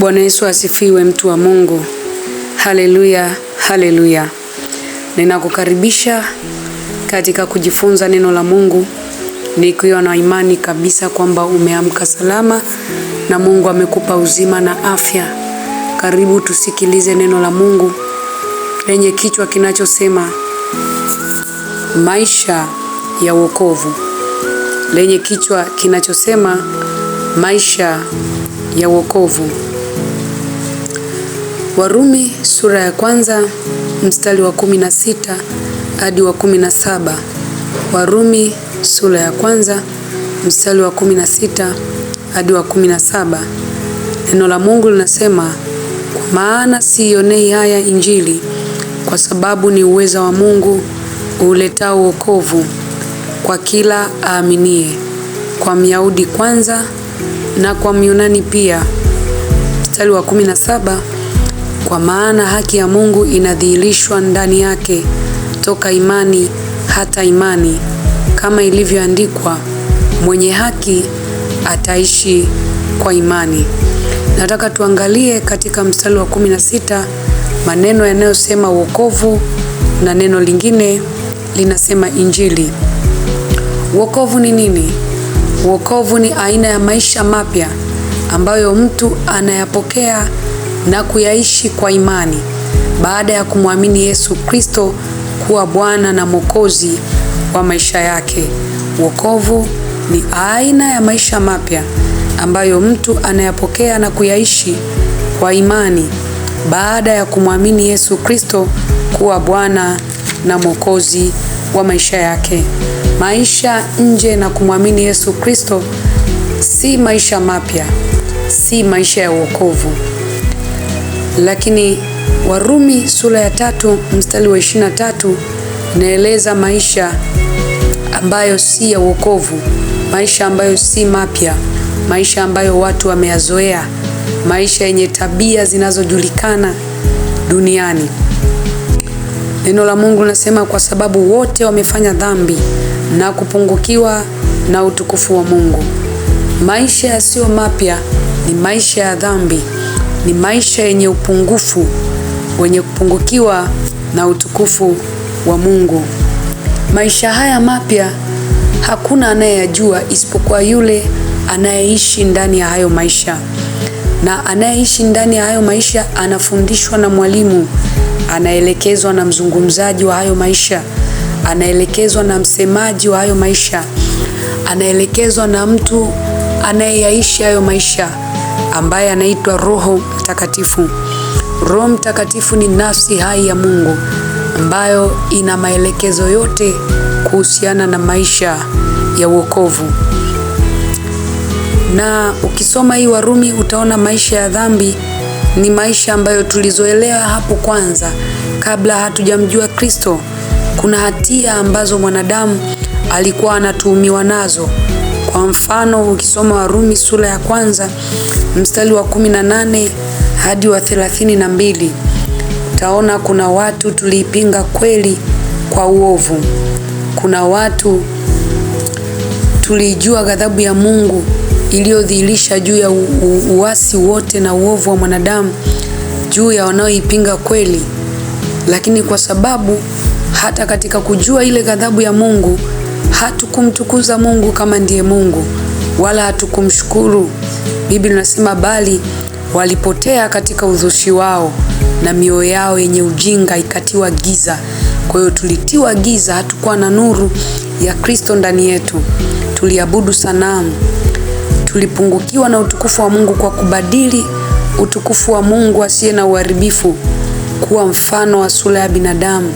Bwana Yesu asifiwe, mtu wa Mungu. Haleluya, haleluya. Ninakukaribisha katika kujifunza neno la Mungu nikiwa na imani kabisa kwamba umeamka salama na Mungu amekupa uzima na afya. Karibu tusikilize neno la Mungu lenye kichwa kinachosema maisha ya wokovu, lenye kichwa kinachosema maisha ya wokovu. Warumi sura ya kwanza mstari wa kumi na sita hadi wa kumi na saba. Warumi sura ya kwanza mstari wa kumi na sita hadi wa kumi na saba. Neno la Mungu linasema, kwa maana siionei haya Injili, kwa sababu ni uweza wa Mungu uletao wokovu kwa kila aaminie, kwa Myahudi kwanza na kwa Myunani pia. Mstari wa kumi na saba kwa maana haki ya Mungu inadhihirishwa ndani yake toka imani hata imani, kama ilivyoandikwa, mwenye haki ataishi kwa imani. Nataka tuangalie katika mstari wa sita maneno yanayosema wokovu na neno lingine linasema injili. Wokovu ni nini? Wokovu ni aina ya maisha mapya ambayo mtu anayapokea na kuyaishi kwa imani baada ya kumwamini Yesu Kristo kuwa Bwana na Mwokozi wa maisha yake. Wokovu ni aina ya maisha mapya ambayo mtu anayapokea na kuyaishi kwa imani baada ya kumwamini Yesu Kristo kuwa Bwana na Mwokozi wa maisha yake. Maisha nje na kumwamini Yesu Kristo si maisha mapya, si maisha ya wokovu. Lakini Warumi sura ya tatu mstari wa ishirini na tatu inaeleza maisha ambayo si ya wokovu, maisha ambayo si mapya, maisha ambayo watu wameyazoea, maisha yenye tabia zinazojulikana duniani. Neno la Mungu linasema kwa sababu wote wamefanya dhambi na kupungukiwa na utukufu wa Mungu. Maisha yasiyo mapya ni maisha ya dhambi ni maisha yenye upungufu, wenye kupungukiwa na utukufu wa Mungu. Maisha haya mapya hakuna anayeyajua isipokuwa yule anayeishi ndani ya hayo maisha, na anayeishi ndani ya hayo maisha anafundishwa na mwalimu, anaelekezwa na mzungumzaji wa hayo maisha, anaelekezwa na msemaji wa hayo maisha, anaelekezwa na mtu anayeyaishi hayo maisha ambaye anaitwa Roho Mtakatifu. Roho Mtakatifu ni nafsi hai ya Mungu ambayo ina maelekezo yote kuhusiana na maisha ya wokovu. Na ukisoma hii Warumi utaona maisha ya dhambi ni maisha ambayo tulizoelea hapo kwanza kabla hatujamjua Kristo. Kuna hatia ambazo mwanadamu alikuwa anatuhumiwa nazo kwa mfano ukisoma Warumi sura ya kwanza mstari wa nane hadi wa mbili utaona kuna watu tuliipinga kweli kwa uovu, kuna watu tulijua ghadhabu ya Mungu iliyodhihirisha juu ya uasi wote na uovu wa mwanadamu juu ya wanaoipinga kweli, lakini kwa sababu hata katika kujua ile ghadhabu ya Mungu hatukumtukuza Mungu kama ndiye Mungu wala hatukumshukuru. Biblia inasema bali walipotea katika uzushi wao na mioyo yao yenye ujinga ikatiwa giza. Kwa hiyo tulitiwa giza, hatukuwa na nuru ya Kristo ndani yetu, tuliabudu sanamu, tulipungukiwa na utukufu wa Mungu kwa kubadili utukufu wa Mungu asiye na uharibifu kuwa mfano wa sura ya binadamu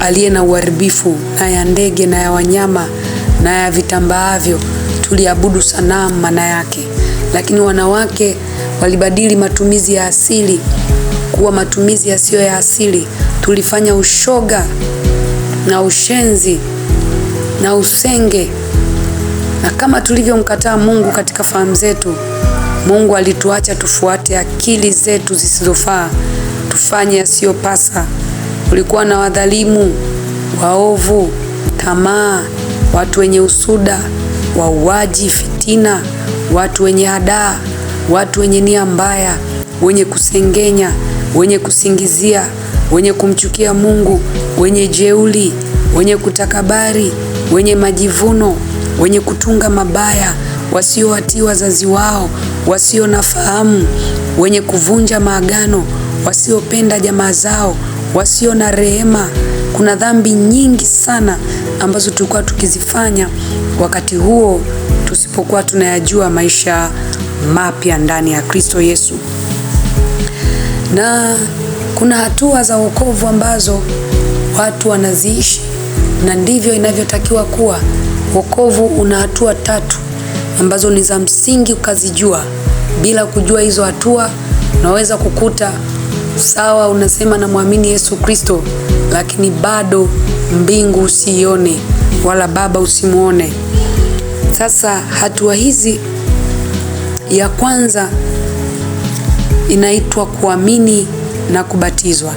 aliye na uharibifu na ya ndege na ya wanyama na ya vitambaavyo, tuliabudu sanamu maana yake. Lakini wanawake walibadili matumizi ya asili kuwa matumizi yasiyo ya asili. Tulifanya ushoga na ushenzi na usenge, na kama tulivyomkataa Mungu katika fahamu zetu, Mungu alituacha tufuate akili zetu zisizofaa, tufanye yasiyopasa. Kulikuwa na wadhalimu, waovu, tamaa, watu wenye usuda, wauaji, fitina, watu wenye hadaa, watu wenye nia mbaya, wenye kusengenya, wenye kusingizia, wenye kumchukia Mungu, wenye jeuli, wenye kutakabari, wenye majivuno, wenye kutunga mabaya, wasiowatii wazazi wao, wasio na fahamu, wenye kuvunja maagano, wasiopenda jamaa zao wasio na rehema. Kuna dhambi nyingi sana ambazo tulikuwa tukizifanya wakati huo tusipokuwa tunayajua maisha mapya ndani ya Kristo Yesu. Na kuna hatua za wokovu ambazo watu wanaziishi na ndivyo inavyotakiwa kuwa. Wokovu una hatua tatu ambazo ni za msingi ukazijua. Bila kujua hizo hatua, unaweza kukuta sawa, unasema namwamini Yesu Kristo, lakini bado mbingu usiione wala Baba usimwone. Sasa hatua hizi, ya kwanza inaitwa kuamini na kubatizwa.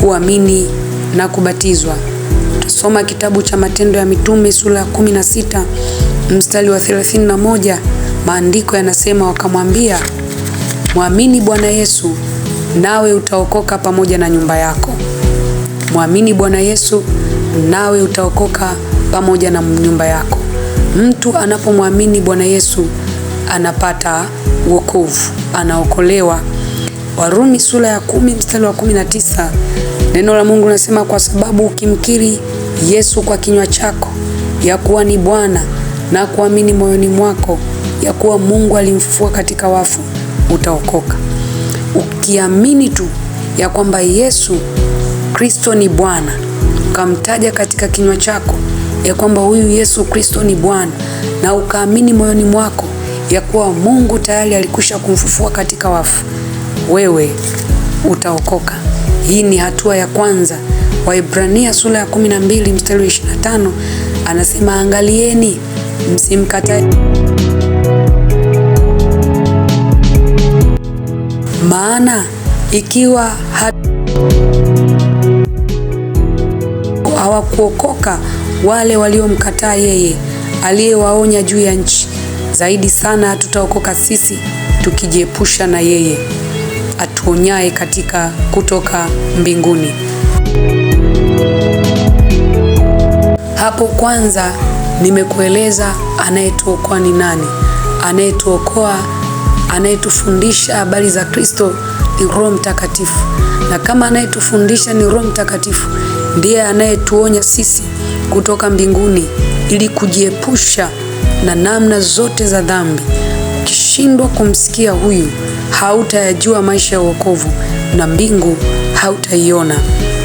Kuamini na kubatizwa. Tutasoma kitabu cha Matendo ya Mitume sura ya 16 mstari wa 31. Maandiko yanasema, wakamwambia, mwamini Bwana Yesu nawe utaokoka pamoja na nyumba yako. Mwamini Bwana Yesu nawe utaokoka pamoja na nyumba yako. Mtu anapomwamini Bwana Yesu anapata wokovu, anaokolewa. Warumi sura ya kumi mstari wa kumi na tisa neno la Mungu linasema, kwa sababu ukimkiri Yesu kwa kinywa chako ya kuwa ni Bwana na kuamini moyoni mwako ya kuwa Mungu alimfufua katika wafu utaokoka ukiamini tu ya kwamba Yesu Kristo ni Bwana, ukamtaja katika kinywa chako ya kwamba huyu Yesu Kristo ni Bwana, na ukaamini moyoni mwako ya kuwa Mungu tayari alikwisha kumfufua katika wafu, wewe utaokoka. Hii ni hatua ya kwanza. Waibrania sura ya 12 mstari wa 25 anasema, angalieni msimkatae maana ikiwa hawakuokoka wale waliomkataa yeye aliyewaonya juu ya nchi, zaidi sana tutaokoka sisi tukijiepusha na yeye atuonyaye katika kutoka mbinguni. Hapo kwanza nimekueleza anayetuokoa ni nani. Anayetuokoa anayetufundisha habari za Kristo ni Roho Mtakatifu, na kama anayetufundisha ni Roho Mtakatifu, ndiye anayetuonya sisi kutoka mbinguni ili kujiepusha na namna zote za dhambi. Ukishindwa kumsikia huyu, hautayajua maisha ya wokovu na mbingu hautaiona,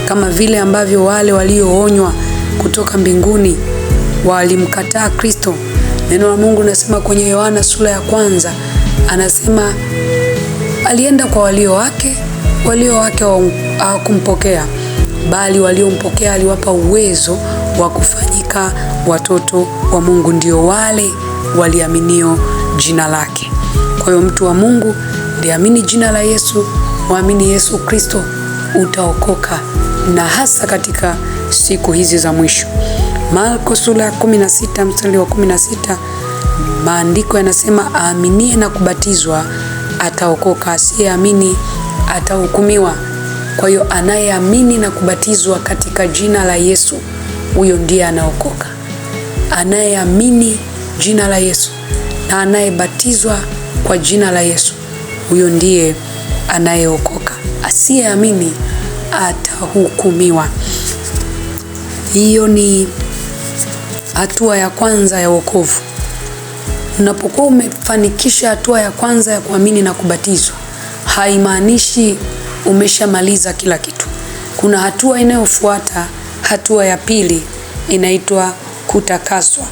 kama vile ambavyo wale walioonywa kutoka mbinguni walimkataa Kristo. Neno la Mungu nasema kwenye Yohana sura ya kwanza anasema alienda kwa walio wake, walio wake hawakumpokea, bali waliompokea aliwapa uwezo wa kufanyika watoto wa Mungu, ndio wale waliaminio jina lake. Kwa hiyo mtu wa Mungu, liamini jina la Yesu, waamini Yesu Kristo, utaokoka na hasa katika siku hizi za mwisho. Marko sura ya 16 mstari wa 16 Maandiko yanasema aaminie na kubatizwa ataokoka, asiyeamini atahukumiwa. Kwa hiyo anayeamini na kubatizwa katika jina la Yesu, huyo ndiye anaokoka. Anayeamini jina la Yesu na anayebatizwa kwa jina la Yesu, huyo ndiye anayeokoka. Asiyeamini atahukumiwa. Hiyo ni hatua ya kwanza ya wokovu. Unapokuwa umefanikisha hatua ya kwanza ya kuamini na kubatizwa, haimaanishi umeshamaliza kila kitu. Kuna hatua inayofuata. Hatua ya pili inaitwa kutakaswa.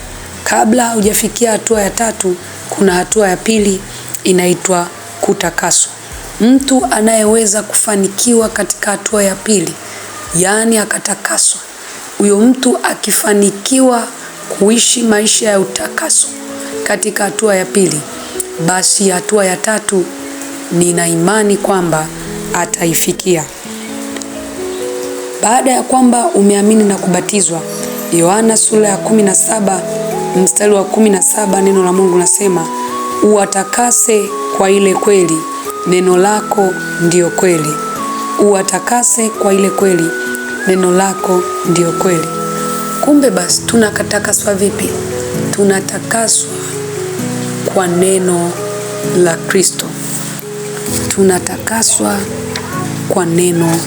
Kabla hujafikia hatua ya tatu, kuna hatua ya pili inaitwa kutakaswa. Mtu anayeweza kufanikiwa katika hatua ya pili, yaani akatakaswa, huyo mtu akifanikiwa kuishi maisha ya utakaso katika hatua ya pili, basi hatua ya tatu nina imani kwamba ataifikia. Baada ya kwamba umeamini na kubatizwa, Yohana sura ya 17 mstari wa 17, neno la Mungu nasema uwatakase kwa ile kweli, neno lako ndiyo kweli. Uwatakase kwa ile kweli, neno lako ndiyo kweli. Kumbe basi tunakatakaswa vipi? Tunatakaswa kwa neno la Kristo. Tunatakaswa kwa neno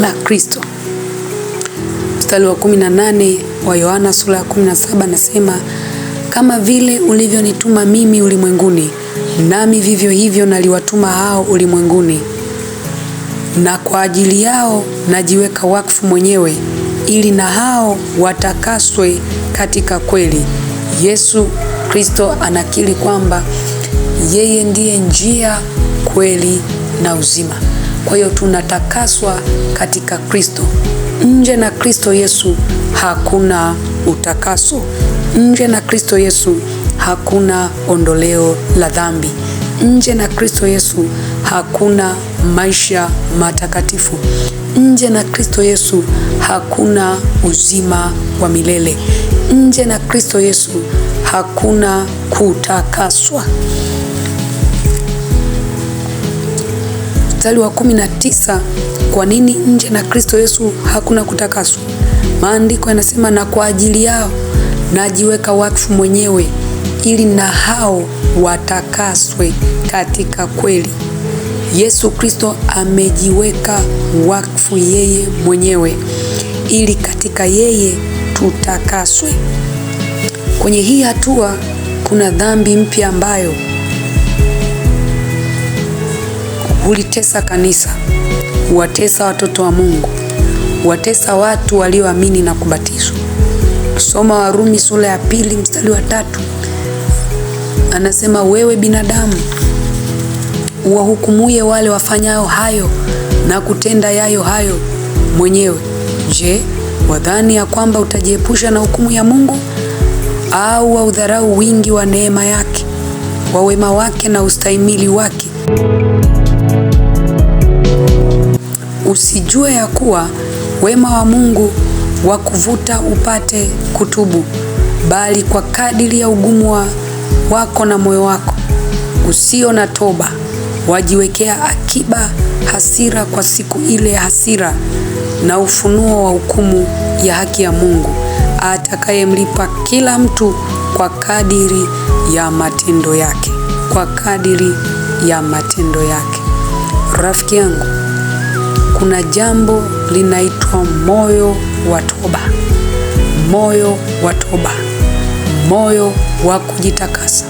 la Kristo. Mstari wa 18 wa Yohana sura ya 17 nasema, kama vile ulivyonituma mimi ulimwenguni, nami vivyo hivyo naliwatuma hao ulimwenguni, na kwa ajili yao najiweka wakfu mwenyewe, ili na hao watakaswe katika kweli. Yesu Kristo anakiri kwamba yeye ndiye njia, kweli na uzima. Kwa hiyo tunatakaswa katika Kristo. Nje na Kristo Yesu hakuna utakaso. Nje na Kristo Yesu hakuna ondoleo la dhambi. Nje na Kristo Yesu hakuna maisha matakatifu. Nje na Kristo Yesu hakuna uzima wa milele nje na Kristo Yesu hakuna kutakaswa. Mstari wa 19, kwa nini nje na Kristo Yesu hakuna kutakaswa? Maandiko yanasema na kwa ajili yao najiweka wakfu mwenyewe ili na hao watakaswe katika kweli. Yesu Kristo amejiweka wakfu yeye mwenyewe ili katika yeye tutakaswe. Kwenye hii hatua kuna dhambi mpya ambayo hulitesa kanisa, huwatesa watoto wa Mungu, huwatesa watu walioamini na kubatizwa. Soma Warumi sura ya pili mstari wa tatu, anasema wewe binadamu uwahukumuye wale wafanyao hayo na kutenda yayo hayo mwenyewe, je, wadhani ya kwamba utajiepusha na hukumu ya Mungu au wa udharau wingi wa neema yake, wa wema wake na ustahimili wake. Usijue ya kuwa wema wa Mungu wa kuvuta upate kutubu, bali kwa kadiri ya ugumu wa wako na moyo wako usio na toba, wajiwekea akiba hasira kwa siku ile ya hasira na ufunuo wa hukumu ya haki ya Mungu atakayemlipa kila mtu kwa kadiri ya matendo yake, kwa kadiri ya matendo yake. Rafiki yangu, kuna jambo linaitwa moyo wa toba, moyo wa toba, moyo wa kujitakasa,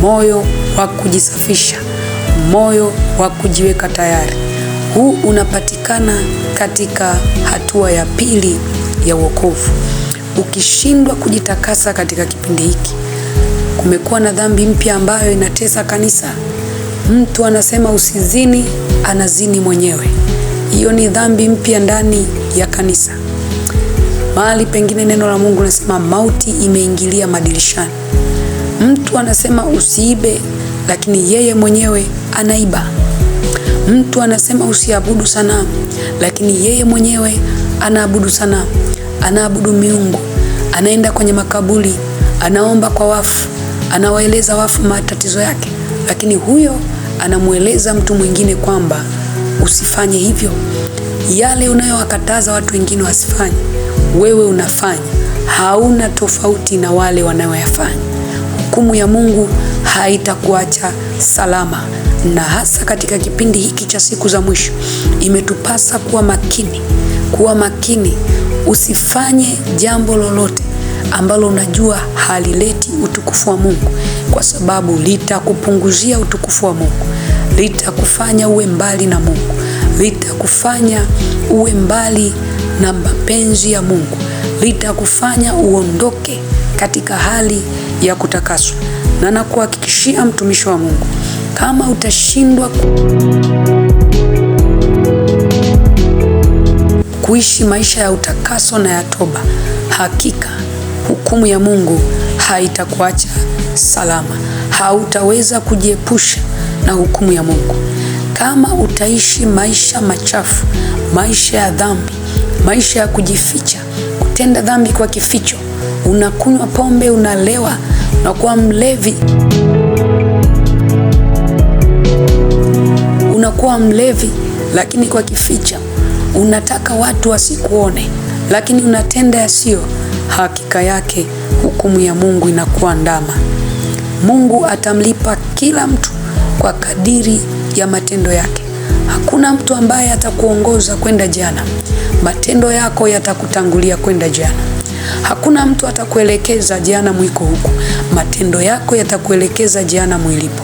moyo wa kujisafisha, moyo wa kujiweka tayari huu unapatikana katika hatua ya pili ya wokovu. Ukishindwa kujitakasa katika kipindi hiki, kumekuwa na dhambi mpya ambayo inatesa kanisa. Mtu anasema usizini, anazini mwenyewe. Hiyo ni dhambi mpya ndani ya kanisa. Mahali pengine neno la Mungu linasema mauti imeingilia madirishani. Mtu anasema usiibe, lakini yeye mwenyewe anaiba. Mtu anasema usiabudu sanamu, lakini yeye mwenyewe anaabudu sanamu, anaabudu miungu, anaenda kwenye makaburi, anaomba kwa wafu, anawaeleza wafu matatizo yake, lakini huyo anamweleza mtu mwingine kwamba usifanye hivyo. Yale unayowakataza watu wengine wasifanye, wewe unafanya. Hauna tofauti na wale wanaoyafanya. Hukumu ya Mungu haitakuacha salama na hasa katika kipindi hiki cha siku za mwisho imetupasa kuwa makini, kuwa makini. Usifanye jambo lolote ambalo unajua halileti utukufu wa Mungu, kwa sababu litakupunguzia utukufu wa Mungu, litakufanya uwe mbali na Mungu, litakufanya uwe mbali na mapenzi ya Mungu, litakufanya uondoke katika hali ya kutakaswa. Na nakuhakikishia mtumishi wa Mungu kama utashindwa kuishi maisha ya utakaso na ya toba, hakika hukumu ya Mungu haitakuacha salama. Hautaweza kujiepusha na hukumu ya Mungu. Kama utaishi maisha machafu, maisha ya dhambi, maisha ya kujificha, kutenda dhambi kwa kificho, unakunywa pombe, unalewa, unakuwa mlevi Unakuwa mlevi lakini kwa kificha, unataka watu wasikuone, lakini unatenda yasiyo hakika yake, hukumu ya Mungu inakuandama. Mungu atamlipa kila mtu kwa kadiri ya matendo yake. Hakuna mtu ambaye atakuongoza kwenda jana, matendo yako yatakutangulia kwenda jana. Hakuna mtu atakuelekeza jana mwiko huku, matendo yako yatakuelekeza jana mwilipo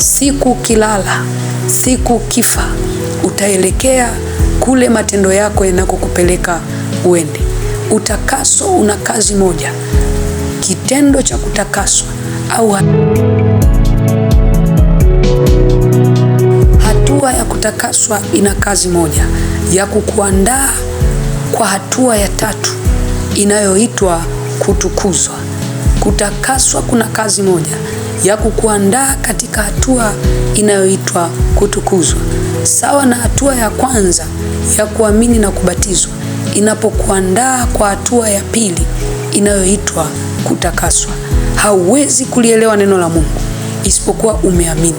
siku kilala, siku kifa, utaelekea kule matendo yako yanakokupeleka uende. Utakaso una kazi moja, kitendo cha kutakaswa au hatua ya kutakaswa ina kazi moja ya kukuandaa kwa hatua ya tatu inayoitwa kutukuzwa. Kutakaswa kuna kazi moja ya kukuandaa katika hatua inayoitwa kutukuzwa, sawa na hatua ya kwanza ya kuamini na kubatizwa inapokuandaa kwa hatua ya pili inayoitwa kutakaswa. Hauwezi kulielewa neno la Mungu isipokuwa umeamini.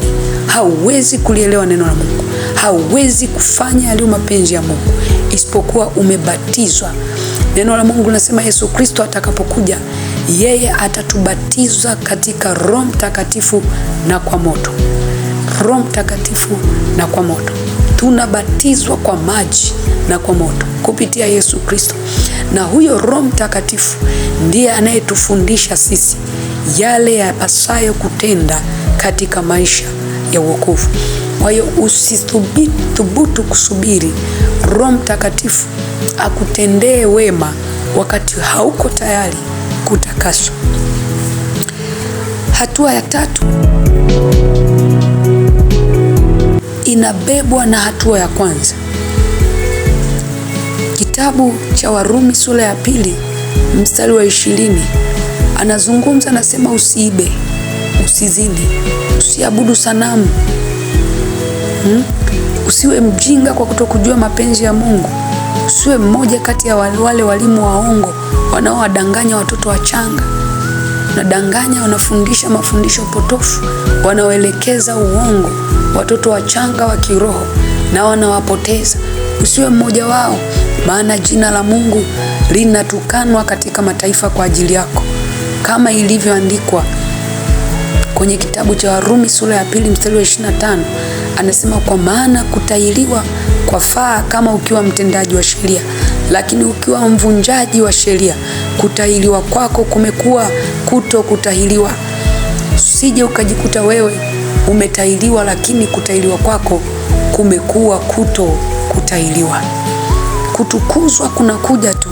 Hauwezi kulielewa neno la Mungu, hauwezi kufanya yaliyo mapenzi ya Mungu isipokuwa umebatizwa. Neno la Mungu linasema Yesu Kristo atakapokuja yeye atatubatiza katika Roho Mtakatifu na kwa moto. Roho Mtakatifu na kwa moto, tunabatizwa kwa maji na kwa moto kupitia Yesu Kristo, na huyo Roho Mtakatifu ndiye anayetufundisha sisi yale yapasayo kutenda katika maisha ya wokovu. Kwa hiyo usithubutu kusubiri Roho Mtakatifu akutendee wema wakati hauko tayari kutakaswa. Hatua ya tatu inabebwa na hatua ya kwanza. Kitabu cha Warumi sura ya pili mstari wa ishirini anazungumza, anasema usiibe, usizini, usiabudu sanamu hmm? Usiwe mjinga kwa kutokujua mapenzi ya Mungu, usiwe mmoja kati ya wale walimu waongo wanaowadanganya watoto wachanga, wanadanganya, wanafundisha mafundisho potofu, wanaoelekeza uongo watoto wachanga wa kiroho na wanawapoteza. Usiwe mmoja wao, maana jina la Mungu linatukanwa katika mataifa kwa ajili yako, kama ilivyoandikwa kwenye kitabu cha Warumi sura ya pili mstari wa 25, anasema kwa maana kutahiriwa kwa faa kama ukiwa mtendaji wa sheria lakini ukiwa mvunjaji wa sheria, kutahiriwa kwako kumekuwa kuto kutahiriwa. Usije ukajikuta wewe umetahiriwa, lakini kutahiriwa kwako kumekuwa kuto kutahiriwa. Kutukuzwa kunakuja tu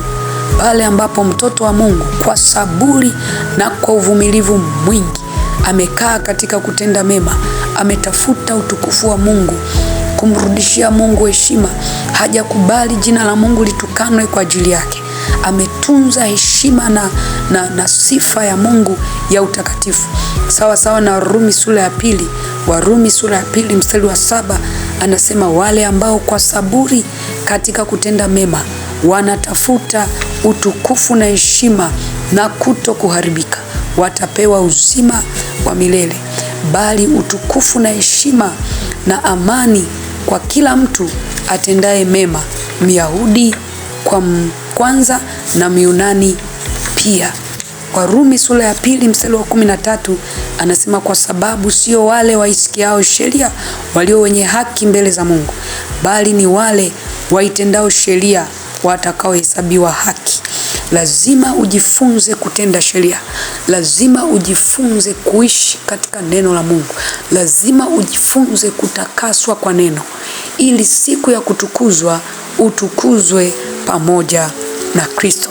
pale ambapo mtoto wa Mungu kwa saburi na kwa uvumilivu mwingi amekaa katika kutenda mema, ametafuta utukufu wa Mungu kumrudishia Mungu heshima. Hajakubali jina la Mungu litukanwe kwa ajili yake. Ametunza heshima na, na, na sifa ya Mungu ya utakatifu, sawa sawa na Warumi sura ya pili. Warumi sura ya pili mstari wa saba anasema wale ambao kwa saburi katika kutenda mema wanatafuta utukufu na heshima na kuto kuharibika watapewa uzima wa milele, bali utukufu na heshima na amani kwa kila mtu atendaye mema, Myahudi kwa kwanza na Myunani pia. Warumi sura ya pili mstari wa kumi na tatu anasema kwa sababu sio wale waisikiao sheria walio wenye haki mbele za Mungu, bali ni wale waitendao sheria watakaohesabiwa haki lazima ujifunze kutenda sheria, lazima ujifunze kuishi katika neno la Mungu, lazima ujifunze kutakaswa kwa neno, ili siku ya kutukuzwa utukuzwe pamoja na Kristo,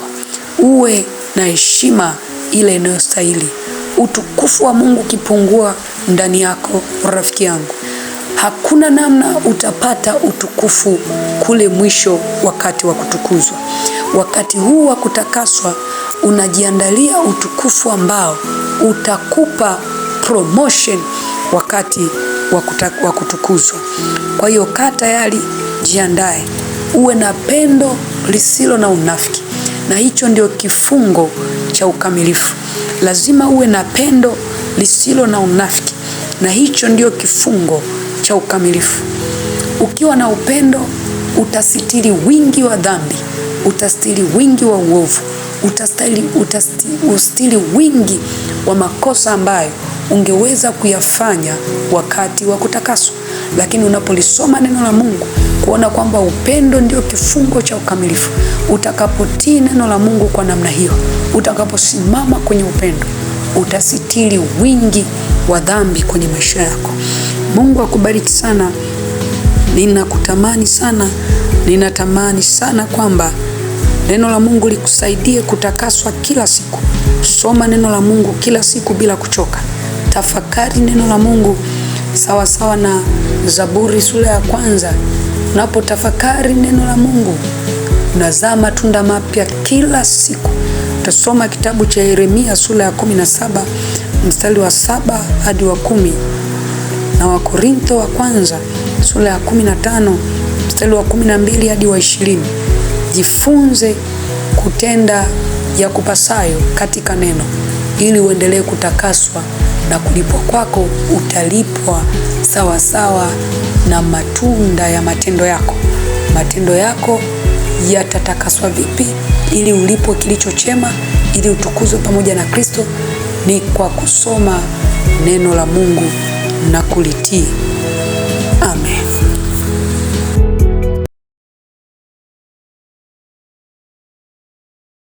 uwe na heshima ile inayostahili. Utukufu wa Mungu ukipungua ndani yako, rafiki yangu, hakuna namna utapata utukufu kule mwisho wakati wa kutukuzwa. Wakati huu wa kutakaswa unajiandalia utukufu ambao utakupa promotion wakati wa kutukuzwa. Kwa hiyo kaa tayari, jiandae, uwe na pendo lisilo na unafiki, na hicho ndio kifungo cha ukamilifu. Lazima uwe na pendo lisilo na unafiki, na hicho ndio kifungo cha ukamilifu. Ukiwa na upendo utasitiri wingi wa dhambi utastiri wingi wa uovu, utastiri, utastiri wingi wa makosa ambayo ungeweza kuyafanya wakati wa kutakaswa. Lakini unapolisoma neno la Mungu kuona kwamba upendo ndio kifungo cha ukamilifu, utakapotii neno la Mungu kwa namna hiyo, utakaposimama kwenye upendo, utasitiri wingi wa dhambi kwenye maisha yako. Mungu akubariki sana. Ninakutamani sana, ninatamani sana kwamba Neno la Mungu likusaidie kutakaswa kila siku. Soma neno la Mungu kila siku bila kuchoka. Tafakari neno la Mungu sawa sawa na Zaburi sura ya kwanza. Unapotafakari neno la Mungu unazaa matunda mapya kila siku. Utasoma kitabu cha Yeremia sura ya 17 mstari wa saba hadi wa kumi na Wakorintho wa kwanza sura ya 15 mstari wa 12 hadi wa ishirini jifunze kutenda ya kupasayo katika neno, ili uendelee kutakaswa na kulipwa kwako utalipwa sawasawa sawa na matunda ya matendo yako. Matendo yako yatatakaswa vipi ili ulipwe kilicho chema, ili utukuzwe pamoja na Kristo? Ni kwa kusoma neno la Mungu na kulitii.